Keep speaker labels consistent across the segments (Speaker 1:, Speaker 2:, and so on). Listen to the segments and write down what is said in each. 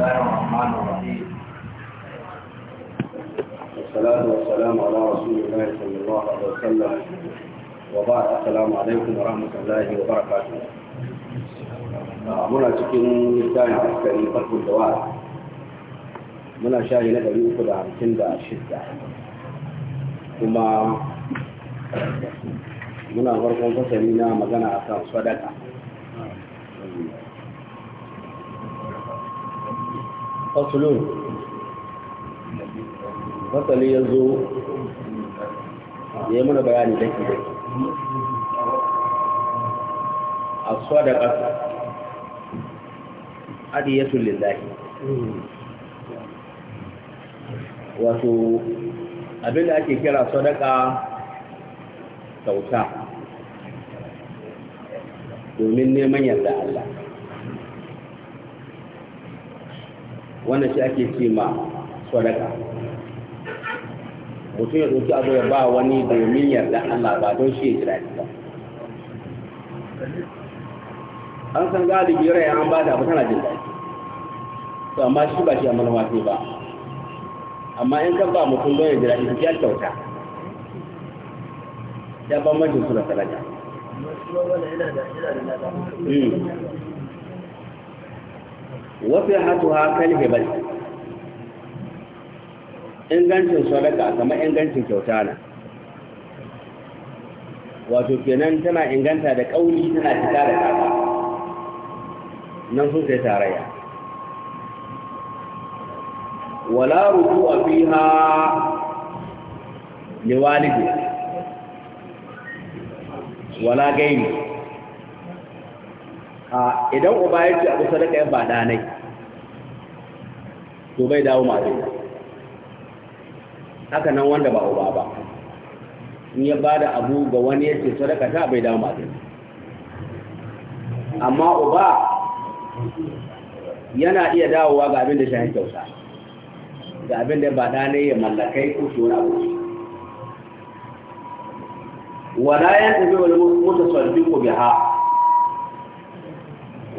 Speaker 1: Assalamu
Speaker 2: alaikum wa rahmatullahi wa barakatu.
Speaker 1: Muna cikin nisan askari
Speaker 2: farkon da wara. Muna shahi na 356. Kuma muna farkon fasari na magana a kan sadaka. fasulun
Speaker 1: fasali ya zo ya mana bayani da ke
Speaker 2: a suwa da ƙasa adiyatun lillahi wato da ake kira sadaka kauta domin neman yarda Allah wannan shi ake ce ma sadaka mutum ya ɗauki abu ya ba wani domin yarda Allah ba don shi ya jira ba an san galibi ya an ba da abu tana jin daɗi to amma shi ba shi a malama sai ba amma in kan ba mutum don ya jira shi ya kyauta ya bambancin su da sadaka wafi hatu hakal hibal ingancin sadaka kamar ingancin kyauta na wato kenan tana inganta da kauli tana fita da kafa nan sun sai tarayya wala ruku a fiha liwalidi wala gaini a idan uba ya ce abu sadaka ya ba ɗanai to bai dawo masu haka nan wanda ba uba ba in ya ba da abu ga wani ya ce sadaka ta bai dawo masu amma uba yana iya dawowa ga abin da shahin kyauta ga abin da ba ɗane ya mallakai ko shi wani abu wala ya tafi wani mutasarfi ko biha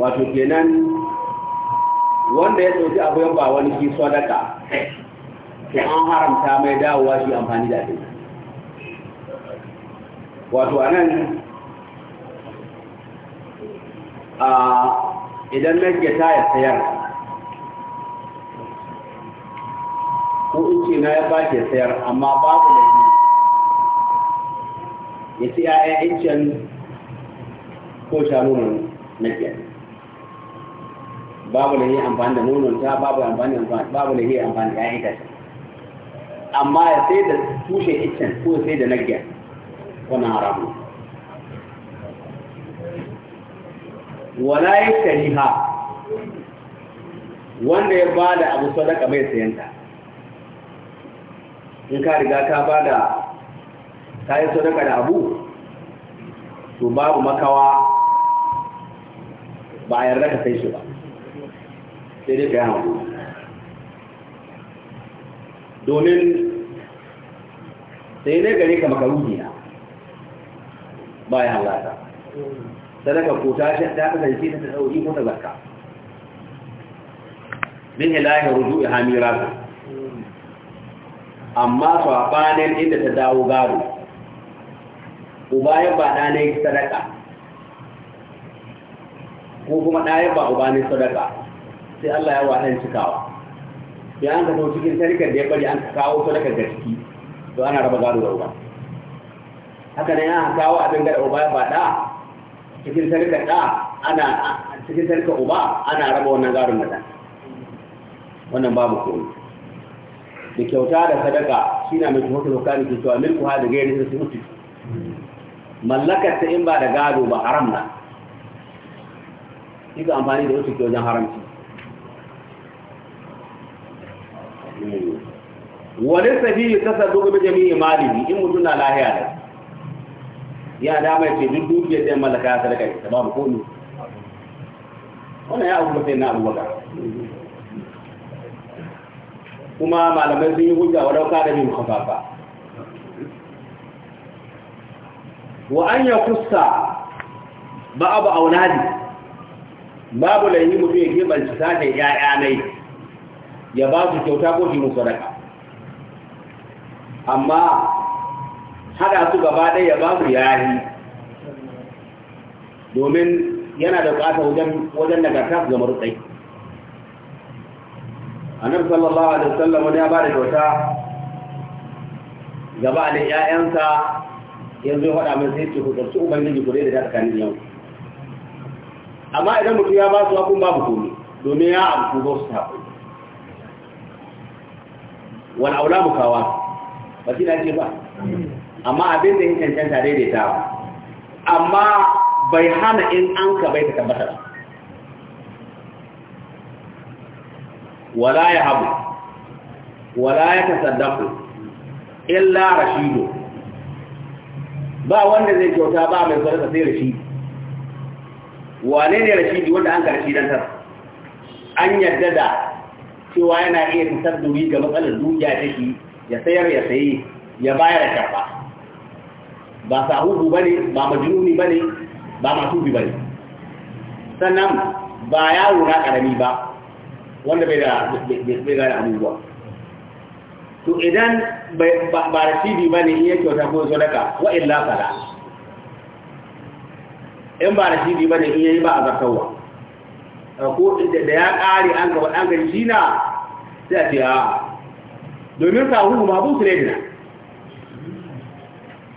Speaker 2: wato kenan wanda ya ɗauki abin ba wani shi sadaka to an haramta mai dawowa shi amfani da abin wato a nan a idan ke ta ya sayar ko ce na ya ba ke sayar amma babu da ya ci 'ya'yan incin ko shanu na ke. babu da yi amfani da nonon ta babu amfani babu da yi amfani da ita amma ya sai da tushe iccen ko sai da nagya wannan haramu wala yashtariha wanda ya bada abu sadaka mai sayanta in ka riga ka bada da yi sadaka da abu to babu makawa ba a yarda ka sai shi ba sai dai kai hankali domin sai dai gare ka makaruhi na bayan halata sadaka ko ta shi ta kasance ta dauki ko ta zarka min ilahi hami hamiratu amma su sabanin inda ta dawo gado uba ya ba ɗanai sadaka ko kuma ɗaya ba uba sadaka sai Allah ya wahayin cikawa sai an ka cikin tarikar da ya bari an kawo su daga gaski to ana raba gado da uba haka ne an kawo abin da uba ya faɗa cikin tarikar da ana cikin tarikar uba ana raba wannan gado da ɗan wannan babu komai da kyauta da sadaka shi mai mai tuhukar hukari ke amin ku ha da gairi da su mallakar ta in ba da gado ba haram na shi amfani da wasu ke wajen haramci wani sahihi kasar duk bi jami'i malihi in mutum na lahiya da ya dama ya ce duk dukiyar da mallaka ya sadaka ita mu komi wannan ya abu sai na abubakar kuma malamai sun yi hujja wa dauka da bin kafafa wa an ya kusa ba abu aunadi babu yi mutum ya kebanci sata ya'ya nai ya ba su kyauta ko fi musu raka amma hada su gaba ɗaya ba su yayi domin yana da ƙasa wajen wajen nagarta su zama rutsai annabi sallallahu alaihi wasallam ya ba da kyauta gaba da ƴaƴansa yanzu ya faɗa min sai ce ku tsarci ubangiji ku da tsakanin yau amma idan mutum ya ba su ba babu komai domin ya abu su ba su haƙuri wal aula mukawa ba shi na ce ba amma abin da ya cancanta daidaitawa amma bai hana in an ka bai ta ba wala ya habu wala ya tasaddaku illa rashido ba wanda zai kyauta ba mai sadaka sai rashidi. wane ne rashidi wanda an ka rashidantar an yadda da cewa yana iya tasadduri ga matsalar dukiya take ya sayar ya sayi ya bayar karba ba sahuhu bane ba majnuni bane ba masubi bane sannan ba ya na karami ba wanda bai da bai da abubuwa to idan ba rashidi bane iya kyauta ko sadaka wa illa fala in ba rashidi bane iya yi ba azartawa ko da ya kare an ga an shi na sai a ce a domin sahu ma bu su ne dina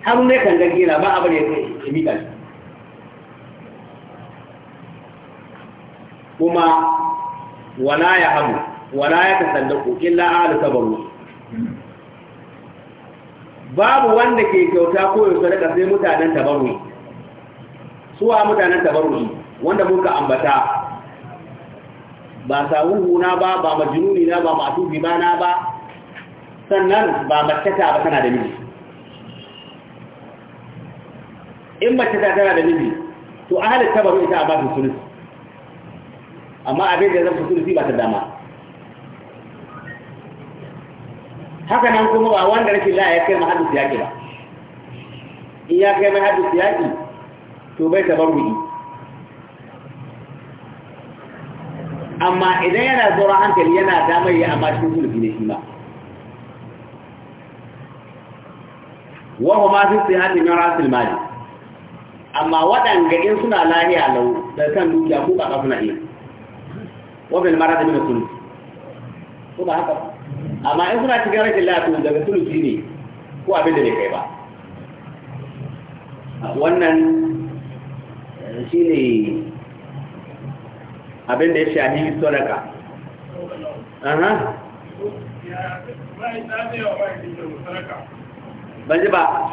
Speaker 2: har ne kan gage na ba ne ya kai mika shi kuma wala ya hamu wala ya kokin la'adu ahlu sabaru babu wanda ke kyauta ko ya sadaka sai mutanen tabarru'i suwa mutanen tabarru'i wanda muka ambata ba sawuhu na ba ba majnuni na ba ma'tubi ba na ba sannan ba mace ta ba tana da miji in mace ta tana da miji to a ahalin tabaru ita a su sulusi amma abin da zama sulusi ba ta dama haka nan kuma ba wanda rashin la'a ya kai mahadin siyaki ba in ya kai mahadin siyaki to bai ta tabarruji amma idan yana zuwa hankali yana damar yi amma cikin sulusi ne shi ba wahu ma sai sihati min rasul mali amma waɗanda in suna lahiya lau da kan dukiya ko ba suna iya wabil mara da min ko ba haka amma in suna cikin rashin lafiya daga sulusi ne ko abin da bai kai ba wannan shine abin da ya shahi sadaka aha ban ji ba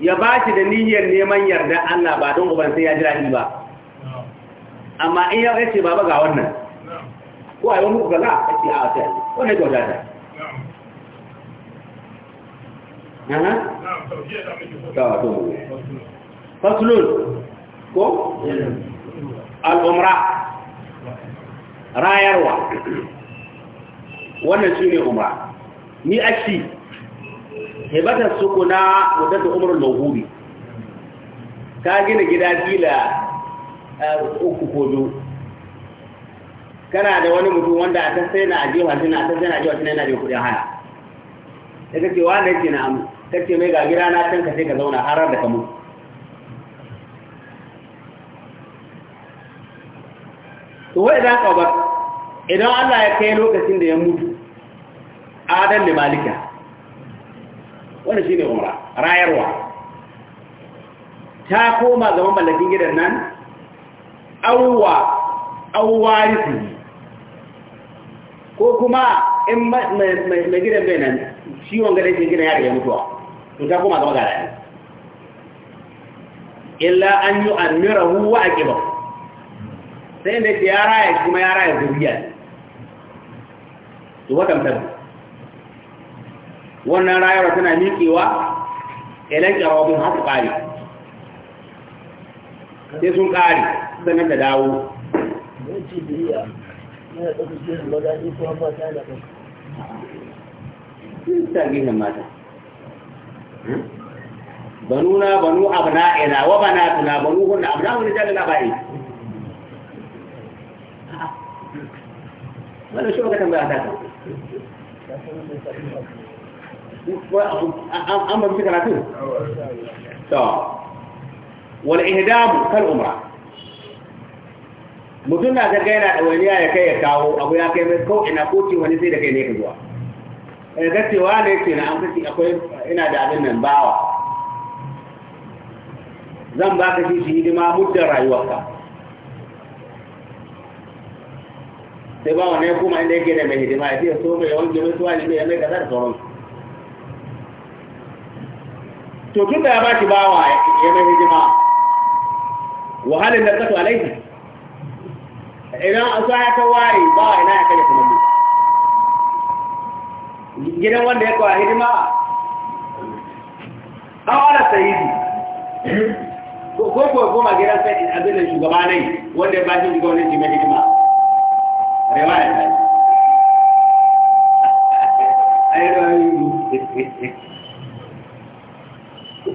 Speaker 2: ya ba shi da niyyar neman yarda Allah ba don uban sai ya jira daɗi ba amma in ya ce baba ga wannan ko a yi wani kuka za a ce a wata yi wani kyauta ta fasulun ko al'umra rayarwa wannan shi ne umra ni ashi hibatar suku na mudar da umarar mahuri ka gina gida fila eh, uku ko biyu kana da wani mutum wanda a ta sai na aje wasu na a ta sai na aje wasu na yana da kudin haya da kake wa da yake na amu kake mai ga gida na can ka sai ka zauna harar da kamu to wai idan ka idan Allah ya kai lokacin da ya mutu adan da malika shi ne umra rayarwa ta koma ga mallakin gidan nan awwa awwarisi ko kuma in mai gidan bai nan ciwon gadon shi gidan ya riga mutuwa to ta koma ga magana illa an yi amirahu wa aqiba sai da ya raya kuma ya raya zuriya to wata mutabbi wannan rayarwa tana miƙewa ilan ƙarfafin haka ƙari sai sun ƙari sannan da dawo banuna banu abna'ina wa banatuna banu hunna abna'u ne jalala bai
Speaker 1: wannan shi ka tambaya ta
Speaker 2: an mafi karatu to wal ihdamu kal umra mutum na zarga yana da wani ya kai ya kawo abu ya kai mai ko ina ko wani sai da kai ne ka zuwa eh gacewa ne ce na amfani ci akwai ina da abin nan bawa zan ba ka shi hidima muddin rayuwarka sai ba wani kuma inda yake da mai hidima ya fiye so mai yawan jimin suwa ne mai ya mai kasar sauransu to tun da ya ba shi bawa ya mai hijima wahalin da kasu alaihi idan asa ya kawai bawa ina ya kai kuma gidan wanda ya kawai hijima? an wala sayidi ko ko goma gidan sai abin da shugaba ne wanda ya ba shi shugabanin shi mai hidima rewaya ta yi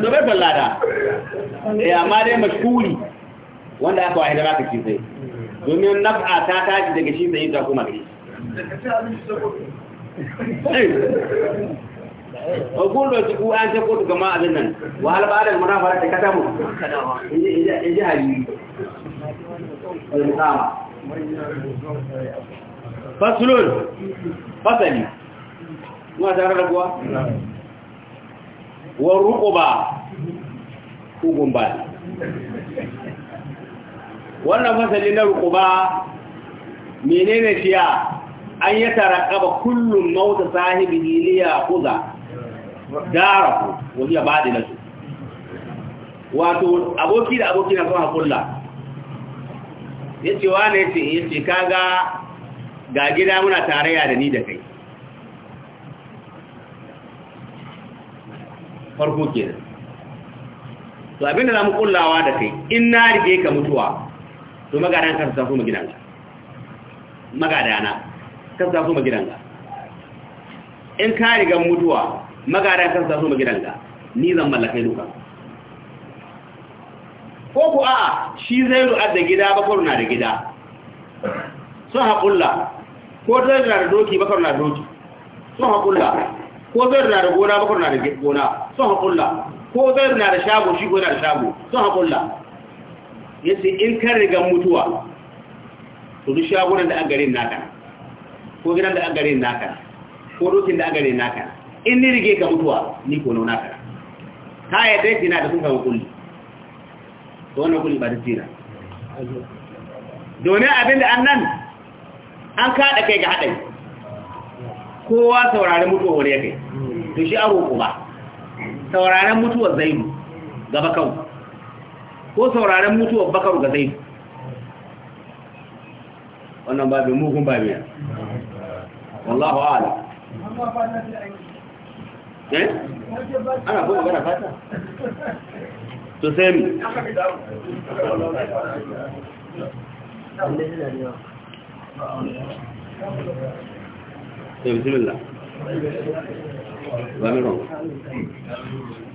Speaker 2: zubar eh? ballada ya eh, amma dai mashkuri wanda aka za ka ci domin naf'a ta daga shi sai ta kuma a gudu an ce kotu gama abin nan mu in ji hali da fasulun fasali muna tare da kuwa wa ba, ugun ba wannan fasali na ba menene fiya an yi tarakaba kullum mauta sahibi iliya kuza daraku wani ya baɗi na su wato aboki da aboki na kuma kulla ya wa ne ce yace ce kaga ga gida muna tarayya da ni da kai farko kenan to abinda zamu kullawa da kai in na rige ka mutuwa to magadan ka sa kuma gidanka magadana ka sa kuma gidanka in ka riga mutuwa magadan ka sa kuma gidanka ni zan mallake duka ko ku a shi zai ru adda gida bakwaru na da gida sun haƙulla ko zai na da doki bakwaru na da doki sun haƙulla ko zai na da gona bakwai na da gona sun haƙulla ko zai na da shago shi gona da shago sun haƙulla ya ce in kan riga mutuwa to duk shagunan da agarin naka ko gidan da agarin naka ko dokin da agarin naka in ni rige ka mutuwa ni ko nuna ka ta zai dai na da sun kan kulli to wannan kulli ba ta tsira domin abin da nan, an kaɗa kai ga haɗari kowa sauraren mutuwar wani ya kai to shi aro kuma sauraren mutuwar zainu ga bakaru ko sauraren mutuwar bakaru ga zainu wannan babin mugun babiya wallahu ala eh ana ko gana fata to sai mi
Speaker 1: Thank you. بسم الله